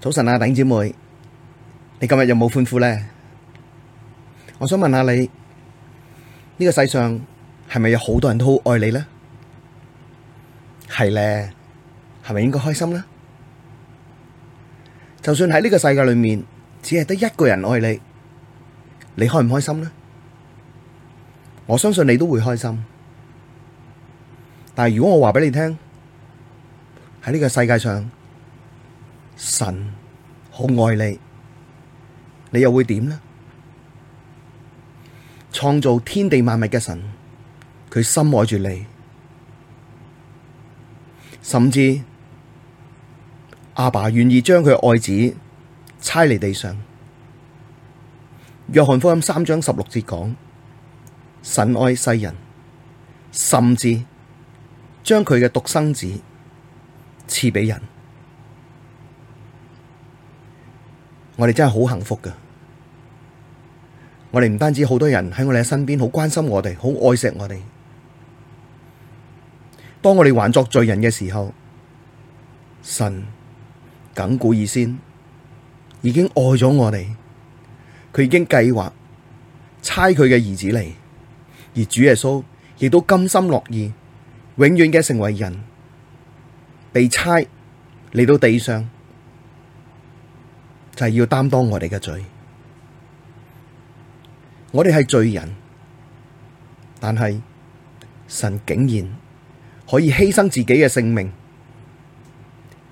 早晨啊，弟兄姊妹，你今日有冇歡呼咧？我想問下你，呢個世上係咪有好多人都好愛你咧？係咧，係咪應該開心咧？就算喺呢個世界裏面，只係得一個人愛你，你開唔開心咧？我相信你都會開心，但係如果我話俾你聽，喺呢個世界上，神好愛你，你又會點呢？創造天地萬物嘅神，佢深愛住你，甚至阿爸願意將佢嘅愛子差嚟地上。約翰福音三章十六節講：神愛世人，甚至將佢嘅獨生子賜俾人。我哋真係好幸福噶我哋唔單止好多人喺我哋嘅身邊，好關心我哋，好愛錫我哋。當我哋還作罪人嘅時候，神亘古以先已經愛咗我哋，佢已經計劃差佢嘅兒子嚟，而主耶穌亦都甘心樂意，永遠嘅成為人，被差嚟到地上。係要擔當我哋嘅罪，我哋係罪人，但係神竟然可以犧牲自己嘅性命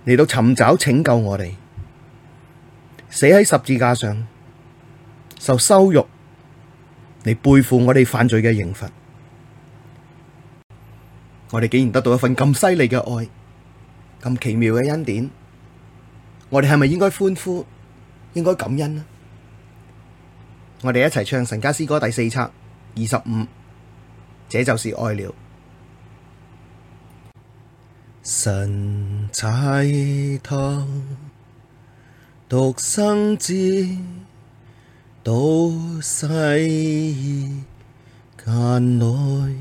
嚟到尋找拯救我哋，死喺十字架上受羞辱，嚟背負我哋犯罪嘅刑罰，我哋竟然得到一份咁犀利嘅愛，咁奇妙嘅恩典，我哋係咪應該歡呼？應該感恩，我哋一齊唱《神家詩歌》第四冊二十五，這就是愛了。神差他獨生子到世間來，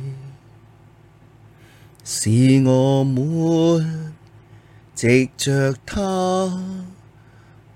使我們藉着他。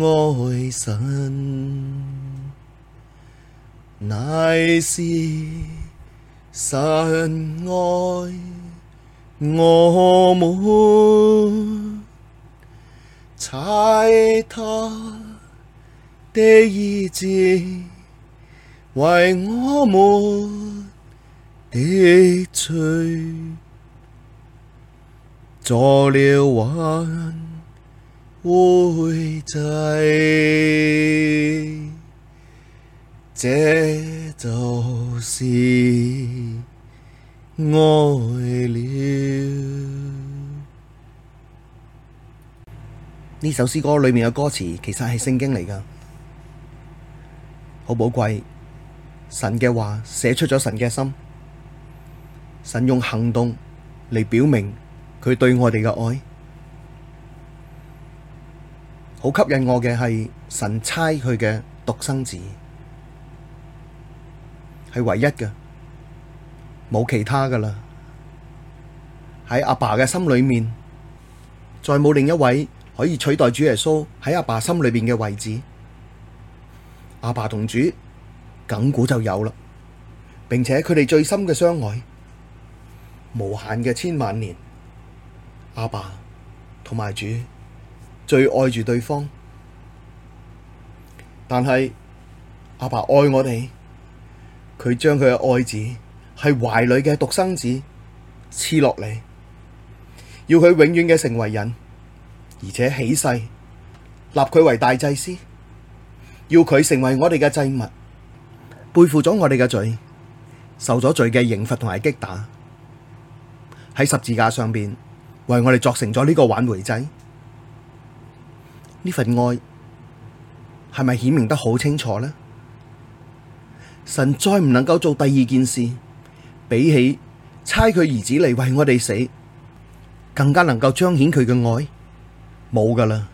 愛神乃是神愛我們，差祂的兒子為我們的罪，作了挽會制，這就是愛了。呢首詩歌裏面嘅歌詞，其實係聖經嚟㗎，好寶貴。神嘅話寫出咗神嘅心，神用行動嚟表明佢對我哋嘅愛。好吸引我嘅係神差佢嘅獨生子，係唯一嘅，冇其他噶啦。喺阿爸嘅心裏面，再冇另一位可以取代主耶穌喺阿爸心裏邊嘅位置。阿爸同主亘古就有啦，並且佢哋最深嘅相愛，無限嘅千萬年。阿爸同埋主，最愛住對方，但係阿爸，爸愛我哋，佢將佢嘅愛子係懷裏嘅獨生子賜落嚟，要佢永遠嘅成為人，而且起誓立佢為大祭司，要佢成為我哋嘅祭物，背負咗我哋嘅罪，受咗罪嘅刑罰同埋擊打，喺十字架上邊為我哋作成咗呢個挽回祭。呢份愛係咪顯明得好清楚呢？神再唔能夠做第二件事，比起差佢兒子嚟，為我哋死，更加能夠彰顯佢嘅愛，冇噶啦！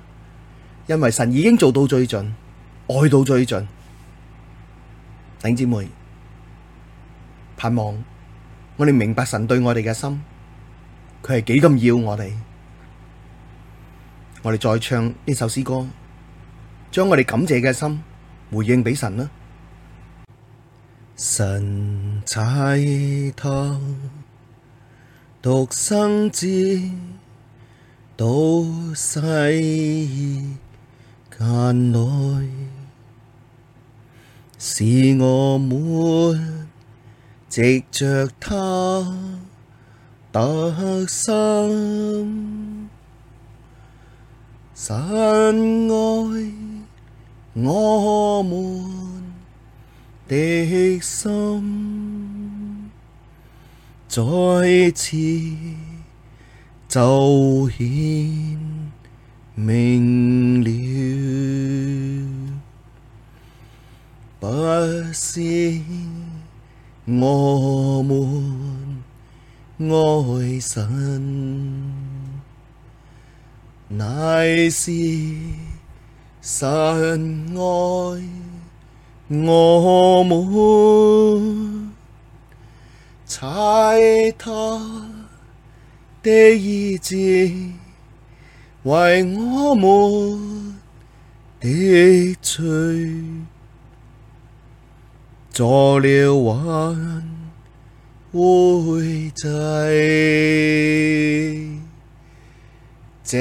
因為神已經做到最盡，愛到最盡。弟兄姊妹，盼望我哋明白神對我哋嘅心，佢係幾咁要我哋。我哋再唱呢首詩歌，將我哋感謝嘅心回應畀神啦。神差祂獨生子到世間來，使我們藉着祂得生。神愛我們的心，在此就顯明了，不是我們愛神。乃是神愛我們，差祂的兒子為我們的罪作了挽回祭。這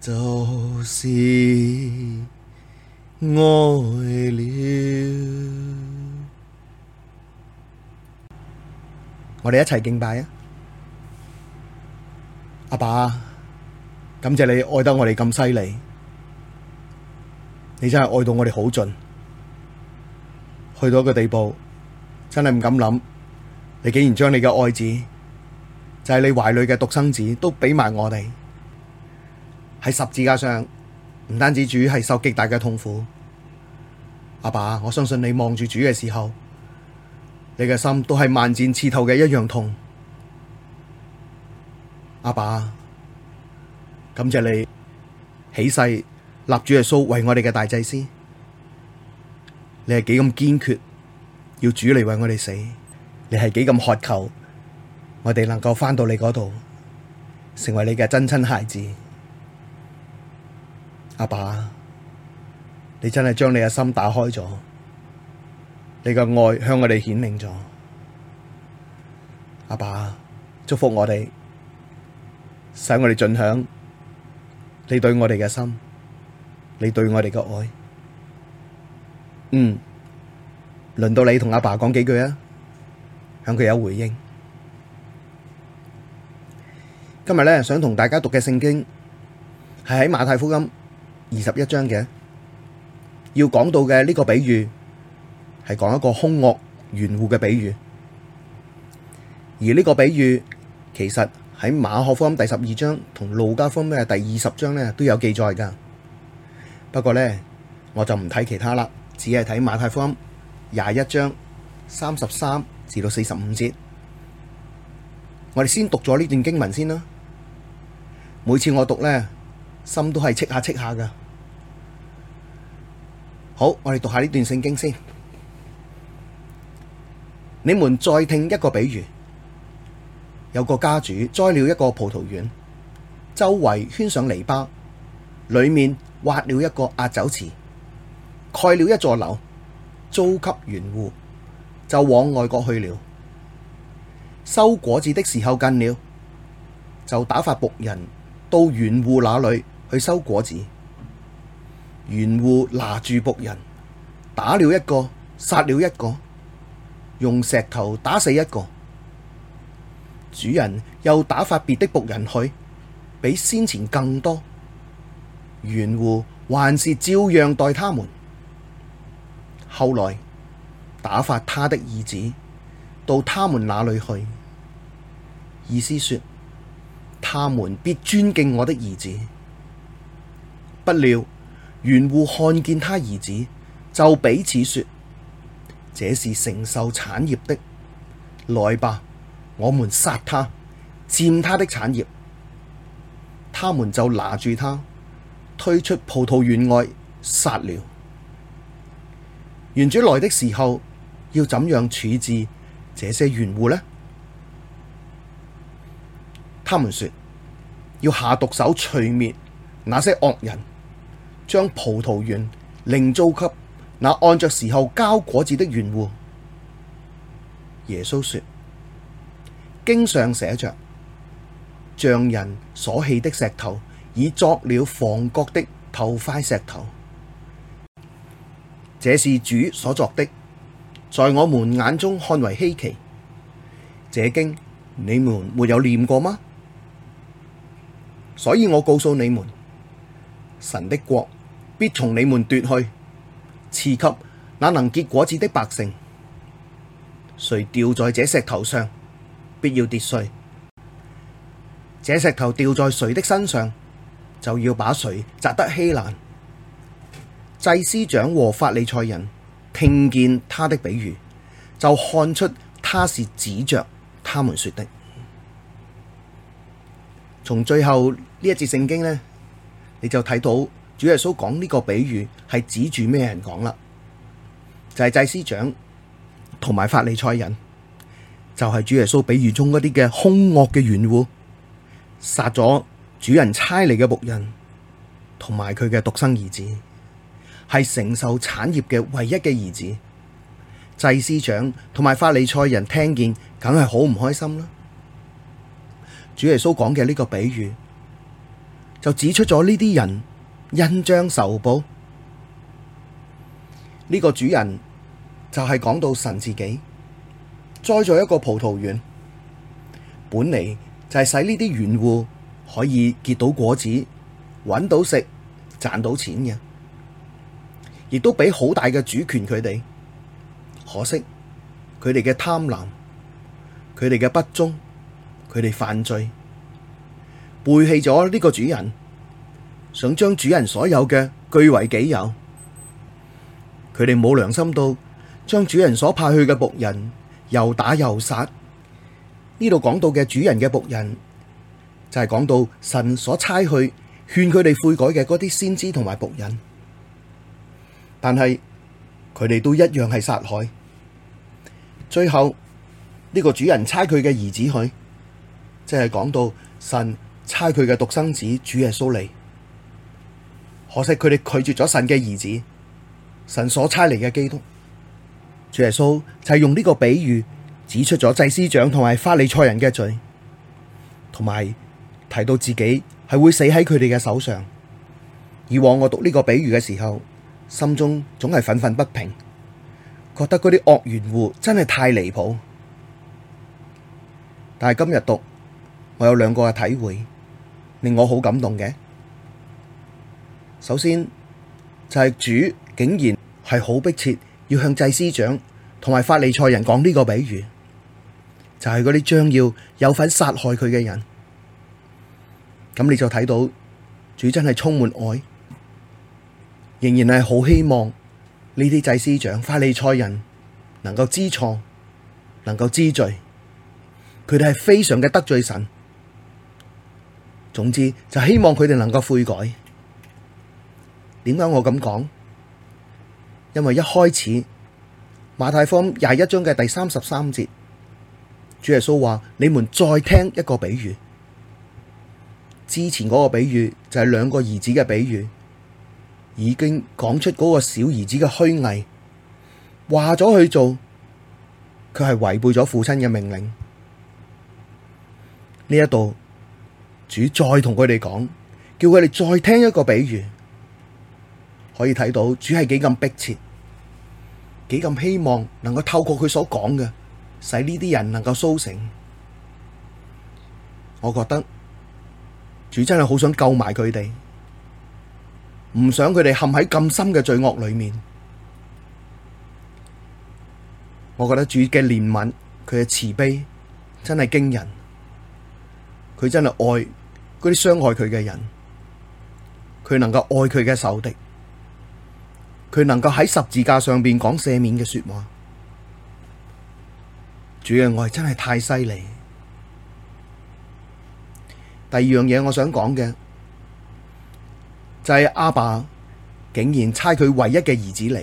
就是愛了。我哋一齊敬拜啊！阿爸，感謝你愛得我哋咁犀利，你真係愛到我哋好盡，去到一個地步，真係唔敢諗。你竟然將你嘅愛子，就係你懷裏嘅獨生子，都畀埋我哋。喺十字架上，唔單止主係受極大嘅痛苦，阿爸，爸，我相信你望住主嘅時候，你嘅心都係萬箭刺透嘅一樣痛。阿爸，爸，感謝你起誓立主耶穌為我哋嘅大祭司，你係幾咁堅決要主嚟為我哋死，你係幾咁渴求我哋能夠翻到你嗰度，成為你嘅真親孩子。阿爸，爸，你真係將你嘅心打開咗，你嘅愛向我哋顯明咗。阿爸，爸，祝福我哋，使我哋盡享你對我哋嘅心，你對我哋嘅愛。嗯，輪到你同阿爸，爸講幾句啊，向佢有回應。今日咧，想同大家讀嘅聖經係喺馬太福音。二十一章嘅要講到嘅呢個比喻係講一個凶惡園戶嘅比喻，而呢個比喻其實喺馬可福音第十二章同路加福音嘅第二十章呢都有記載噶。不過呢，我就唔睇其他啦，只係睇馬太福音廿一章三十三至到四十五節。我哋先讀咗呢段經文先啦。每次我讀呢，心都係戚下戚下噶。好，我哋讀下呢段聖經先。你們再聽一個比喻，有個家主栽了一個葡萄園，周圍圈上籬笆，裡面挖了一個壓酒池，蓋了一座樓，租給園戶，就往外國去了。收果子的時候近了，就打發僕人到園戶那裡去收果子。園戶拿住僕人，打了一個，殺了一個，用石頭打死一個。主人又打發別的僕人去，比先前更多。園戶還是照樣待他們。後來打發他的兒子到他們那裏去，意思說他們必尊敬我的兒子。不料。園戶看見他兒子，就彼此說：這是承受產業的，來吧，我們殺他，占他的產業。他們就拿住他，推出葡萄園外，殺了。園主來的時候，要怎樣處置這些園戶呢？他們說：要下毒手，除滅那些惡人。將葡萄園另租給那按着時候交果子的園戶。耶穌說：經上寫着，匠人所棄的石頭，已作了房角的頭塊石頭。這是主所作的，在我們眼中看為稀奇。這經你們沒有念過嗎？所以我告訴你們。神的國必從你們奪去，賜給那能結果子的百姓。誰掉在這石頭上，必要跌碎。這石頭掉在誰的身上，就要把誰砸得稀爛。祭司長和法利賽人聽見他的比喻，就看出他是指着他們說的。從最後一呢一節聖經咧。你就睇到主耶穌講呢個比喻係指住咩人講啦？就係祭司長同埋法利賽人，就係主耶穌比喻中嗰啲嘅兇惡嘅園戶，殺咗主人差嚟嘅僕人，同埋佢嘅獨生兒子，係承受產業嘅唯一嘅兒子。祭司長同埋法利賽人聽見，梗係好唔開心啦。主耶穌講嘅呢個比喻，就指出咗呢啲人恩將仇報，呢、這個主人就係、是、講到神自己栽咗一個葡萄園，本嚟，就係使呢啲園戶可以結到果子，搵到食，賺到錢嘅，亦都俾好大嘅主權佢哋。可惜佢哋嘅貪婪，佢哋嘅不忠，佢哋犯罪，背棄咗呢個主人，想將主人所有嘅據為己有，佢哋冇良心到，將主人所派去嘅僕人又打又殺。呢度講到嘅主人嘅僕人，就係、是、講到神所差去勸佢哋悔改嘅嗰啲先知同埋僕人，但係佢哋都一樣係殺害。最後呢、這個主人差佢嘅兒子去，即、就、係、是、講到神。差佢嘅獨生子主耶穌嚟，可惜佢哋拒絕咗神嘅兒子，神所差嚟嘅基督，主耶穌就係用呢個比喻指出咗祭司長同埋法利賽人嘅罪，同埋提到自己係會死喺佢哋嘅手上。以往我讀呢個比喻嘅時候，心中總係憤憤不平，覺得嗰啲惡園戶真係太離譜。但係今日讀，我有兩個嘅體會。令我好感動嘅，首先就係主竟然係好迫切要向祭司長同埋法利賽人講呢個比喻，就係嗰啲將要有份殺害佢嘅人。咁你就睇到主真係充滿愛，仍然係好希望呢啲祭司長、法利賽人能夠知錯，能夠知罪。佢哋係非常嘅得罪神。總之就希望佢哋能夠悔改。點解我咁講？因為一開始馬太福音廿一章嘅第三十三節，主耶穌話：你們再聽一個比喻。之前嗰個比喻就係兩個兒子嘅比喻，已經講出嗰個小兒子嘅虛偽，話咗去做，佢係違背咗父親嘅命令。呢一度。主再同佢哋講，叫佢哋再聽一個比喻，可以睇到主係幾咁迫切，幾咁希望能夠透過佢所講嘅，使呢啲人能夠蘇醒。我覺得主真係好想救埋佢哋，唔想佢哋陷喺咁深嘅罪惡裏面。我覺得主嘅憐憫，佢嘅慈悲，真係驚人，佢真係愛。嗰啲傷害佢嘅人，佢能夠愛佢嘅仇敵，佢能夠喺十字架上邊講赦免嘅說話。主嘅愛真係太犀利。第二樣嘢我想講嘅就係、是、阿爸竟然差佢唯一嘅兒子嚟。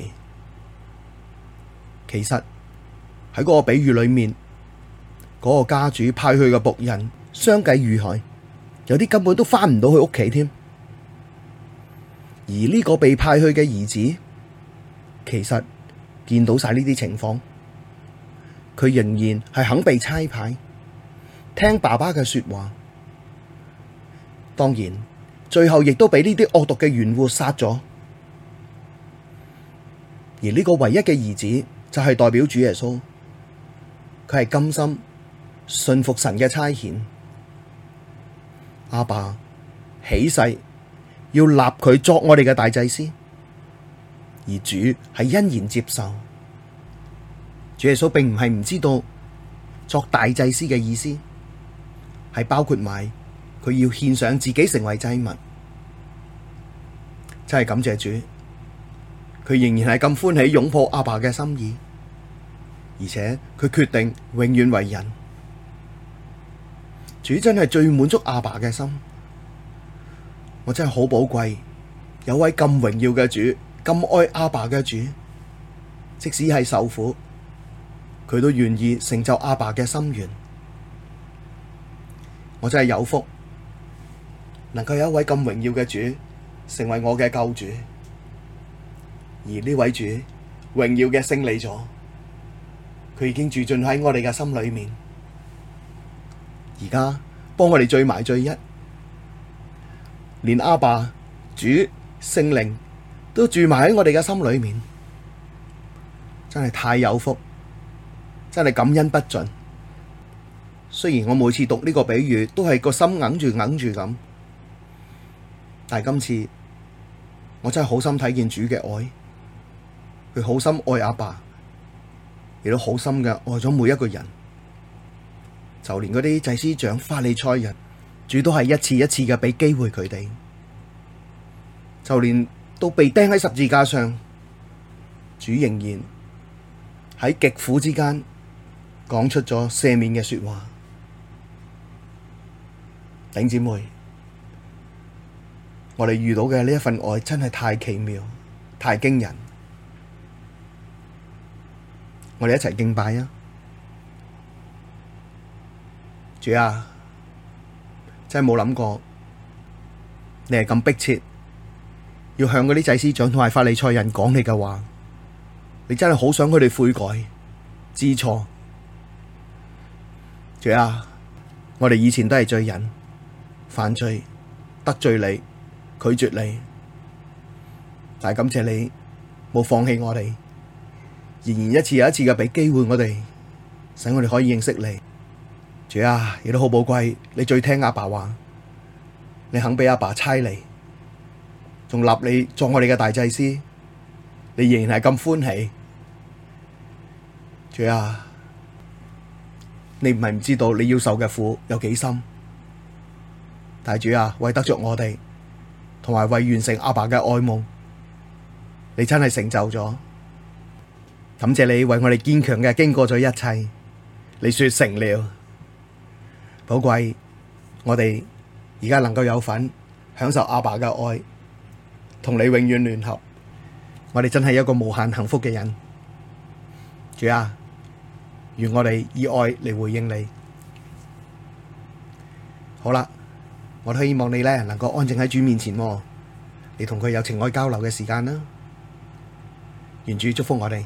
其實喺嗰個比喻裏面，嗰、那個家主派去嘅僕人相繼遇害。有啲根本都翻唔到去屋企添，而呢個被派去嘅兒子，其實見到晒呢啲情況，佢仍然係肯被差派，聽爸爸嘅說話。當然，最後亦都俾呢啲惡毒嘅園戶殺咗。而呢個唯一嘅兒子就係代表主耶穌，佢係甘心信服神嘅差遣。阿爸起誓要立佢作我哋嘅大祭司，而主係欣然接受。主耶穌並唔係唔知道作大祭司嘅意思，係包括埋佢要獻上自己成為祭物。真係感謝主，佢仍然係咁歡喜擁抱阿爸嘅心意，而且佢決定永遠為人。主真係最滿足阿爸嘅心，我真係好寶貴，有位咁榮耀嘅主，咁愛阿爸嘅主，即使係受苦，佢都願意成就阿爸嘅心願。我真係有福，能夠有一位咁榮耀嘅主成為我嘅救主，而呢位主榮耀嘅勝利咗，佢已經住進喺我哋嘅心裡面。而家幫我哋聚埋聚一，連阿爸、主、聖靈都住埋喺我哋嘅心裏面，真係太有福，真係感恩不盡。雖然我每次讀呢個比喻都係個心揞住揞住咁，但係今次我真係好心睇見主嘅愛，佢好心愛阿爸，亦都好心嘅愛咗每一個人。就連嗰啲祭司長、法利賽人，主都係一次一次嘅畀機會佢哋，就連都被釘喺十字架上，主仍然喺極苦之間講出咗赦免嘅說話。頂姐妹，我哋遇到嘅呢一份愛真係太奇妙、太驚人，我哋一齊敬拜啊！主啊，真係冇諗過，你係咁迫切要向嗰啲祭司長同埋法利賽人講你嘅話，你真係好想佢哋悔改、知錯。主啊，我哋以前都係罪人、犯罪、得罪你、拒絕你，但係感謝你冇放棄我哋，仍然一次又一次嘅俾機會我哋，使我哋可以認識你。主啊，你都好寶貴，你最聽阿爸話，你肯俾阿爸差你，仲立你做我哋嘅大祭司，你仍然係咁歡喜。主啊，你唔係唔知道你要受嘅苦有幾深，但係主啊，為得着我哋，同埋為完成阿爸嘅愛慕，你真係成就咗，感謝你為我哋堅強嘅經過咗一切，你說成了。寶貴，我哋而家能夠有份享受阿爸嘅愛，同你永遠聯合，我哋真係一個無限幸福嘅人。主啊，願我哋以愛嚟回應你。好啦，我都希望你咧能夠安靜喺主面前，你同佢有情愛交流嘅時間啦。願主祝福我哋。